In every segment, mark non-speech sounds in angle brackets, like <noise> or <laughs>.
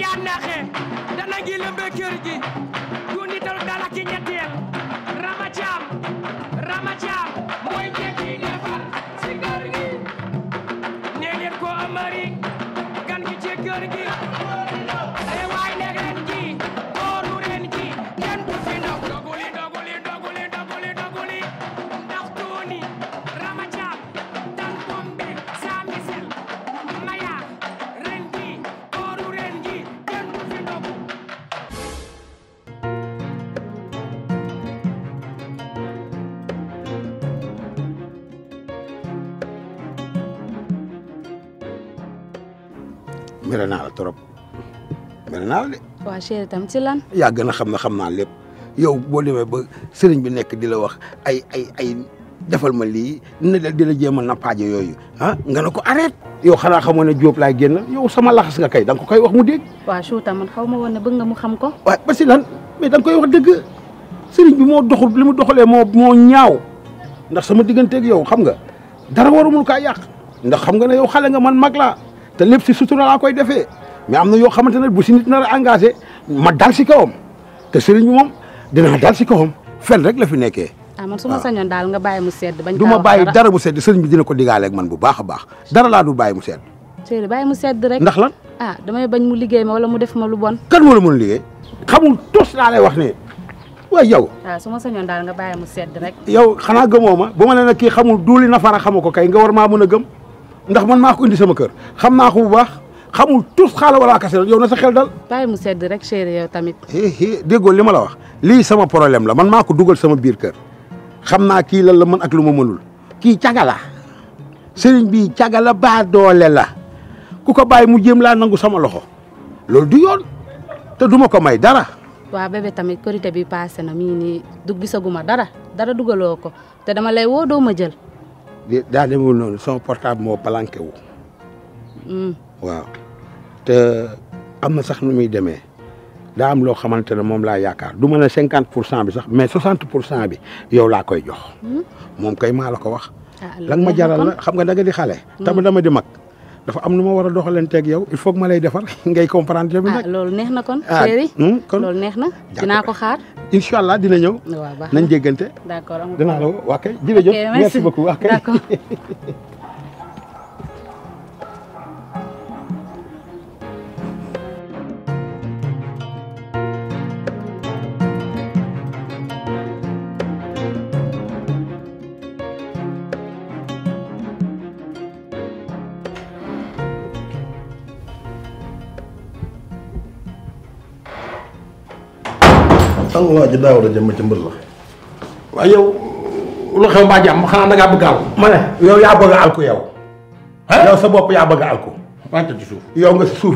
jaa naxe dana ngi lëmbe kër gi gundi tal dala ki ñetteel rama caam rama caam mooy jekki defar si kër gi nee leen ko amari gan gi ci kër gi mere naa la trop mere naa la de. waaw chéri tam ci lan. ya gëna xam na xam na lepp yow bo demee ba sëriñ bi nekk dila wax ay ay ay defal ma li na la dila la na a yoyu ha ah nga ne ko arrête. yow xana xamone job Diop genn yow sama laxas nga kay dang ko kay wax mu wa waaw tam man xawma wonne woon nga mu xam ko. wa ba ci lan mais dang koy wax deug sëriñ bi mo doxul limu doxale mo mo ñaaw ndax sama ak yow xam nga dara warumul ka yaq ndax xam nga ne yow xale nga man mag la te lépp si sutura laa koy defee mais am na yoo xamante ne bu si nit nar a engagé ma dal si kawam te sëriñ bi moom dinaa dal si kawam fen rek la fi nekkee. ah man su ma ah. sañoon daal nga bàyyi mu sedd. bañ du ma bàyyi dara mu sedd sëriñ bi dina ko digaale man bu baax a baax dara laa du bàyyi mu sedd. sëriñ bàyyi mu sedd rek. ndax lan ah damay bañ mu liggéey ma wala mu def ma lu bon. kan moo la mën xamul tos laa lay wax ne waaye yow. waaw ah, su ma sañoon daal sedd rek. yow xanaa gëmoo ma ba ma ne nag kii xamul na fara xamu ko kay nga war maa mën a gëm ndax man mako indi sama kër xam naa ko bu baax xamul tous xala wala kassel yow na sa xel dal. bàyyi mu sedd rek chéri yow tamit. hi li lima la wax li sama problème la man mako duggal sama biir kër xam naa ki lan la man ak luma mënul ki tiagala serigne bi tiagala ba doole la kuko mu jëm la nangu sama loxo loolu du yoon te duma ko may dara. wa bébé tamit korité bi passé na mi ni nii du gisaguma dara dara dugaloko te dama lay wo do ma jël. daa demul noonu son portable moo planqué wu. Mm. waaw te am na sax nu muy demee daa am loo xamante ne moom laa yaakaar du ma ne cinquante pour cent bi sax mais soixante pour cent bi yow laa koy jox. Mm. moom koy maa la ko wax. Ah, lan ma jaral la xam nga daga di xale. Mm. tam dama di mag. dafa am nu ma war a doxalanteeg yow il faut ma lay defar <laughs> ngay comprendre. tamit nag ah loolu neex na kon. Ah, chéri hmm, kon neex na dinaa xaar. incha allah dina ñëw. nañ jéggante. d' accord dinaa la waa kay jërëjëf merci beaucoup waa kay <laughs> allah ji daaw la jëm ci mbër la. waaye yow lu xew xanaa da ngaa bëgg alku. ma ne yow yaa bëgg alku yow. sa bopp yaa bëgg alku. wàccal ci suuf yow nga si suuf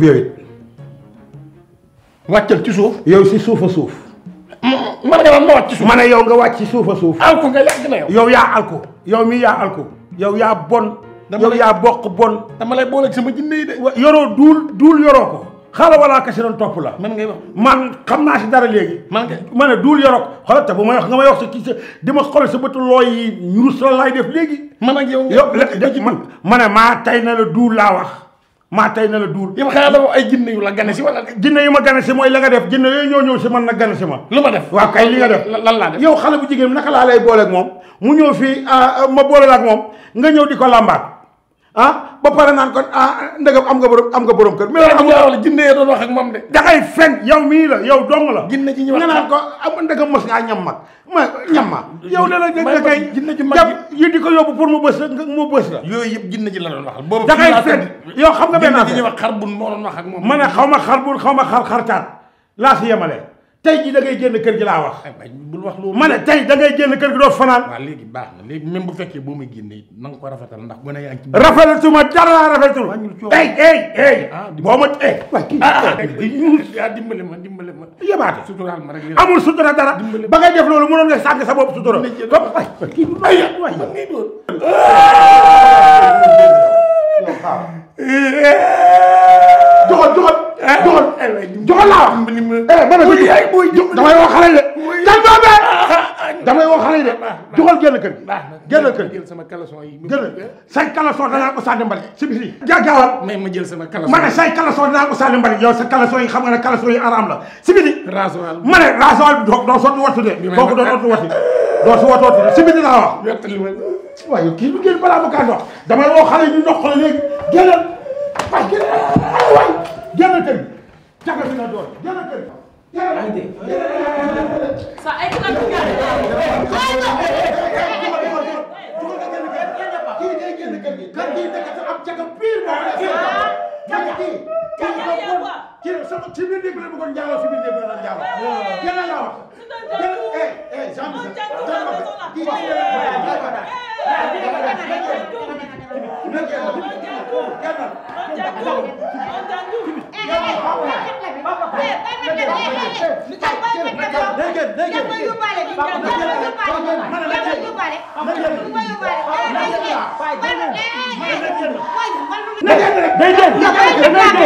ci suuf. yow si suuf a suuf. ma ne ma wàcc ci ma ne yow nga wàcc ci suuf a nga yàgg na yow. yow yaa alku yow mii yaa alku yow yaa bon. yow yaa dama lay boole sama jinne yi de. yoroo duul yoroo ko. xaala wala kasiroon topp la. man ngay wax man xam naa si dara léegi. man kay ma ne duul yorok xoolal te bu ma wax nga may wax sa kii sa di ma xool sa bëtu looy yi ñurus la laay def léegi. man ak yow yow léegi ma ne maa tey na la duul laa wax. maa tey na la duul. yow xanaa ay jinne yu la gane si wala. jinne yu ma gane si mooy la nga def jinne yooyu ñoo ñëw si man na gane si ma. lu ma def lan laa def. yow xale bu jigéen naka laa lay booleek moom mu ñëw fii ah, ma boole ak moom nga ñëw di ko làmbaat ah ba pare naan kon ah ndegam am nga borom am nga borom kër. mais loolu amul wala jinne ya doon wax ak moom de. da ngay fen yow mii la yow dong la. jinne ji ñu wax nga naan ko am ah, ndegam mos ngaa ñam mag ma ñam ma. yow la la nga kay jinne ji mag yi di ko pour mu bës nga mu bës la. yooyu yëpp jinne ji la doon waxal. boobu da ngay fen yow xam nga benn affaire ñu wax xarbun moo doon wax ak moom. ma ne xarbun xaw ma xar xartaat laa si yemale. tey ji da ngay génn kër gi laa wax. bul wax loolu ma ne tey da ngay génn kër gi doo fanaan. waaw léegi baax na léegi même bu fekkee boo may génne na nga ko rafetal ndax gone yaa ngi ci. rafetlu ma dara laa rafetlu. ey ey ey boo ma ey. ah, ah. <laughs> ah dimbale ma dimbale ma. yabaate suturaal ma rek amul sutura dara ba ngay def loolu mënoon nga sànq sa bopp sutura. Ah! waay waay waay joxal joxal laa wax. Eh, ma ne ko damay woo de. Ah, ah, ah, si biir. gàggaawal may ma jël sama caleçon ma ne say caleçon danaa ko sànni mbali yi xam nga ne caleçon yi araam la si biir. rasoir ma ne rasoir bi doo sotti wattu de. kooku doo balaa ma kaa damay woo xale yi ñu la léegi génn kër jafe si nga doon génn kër. sa ay kii nag ñu Jangan, jangan, jangan. day day day day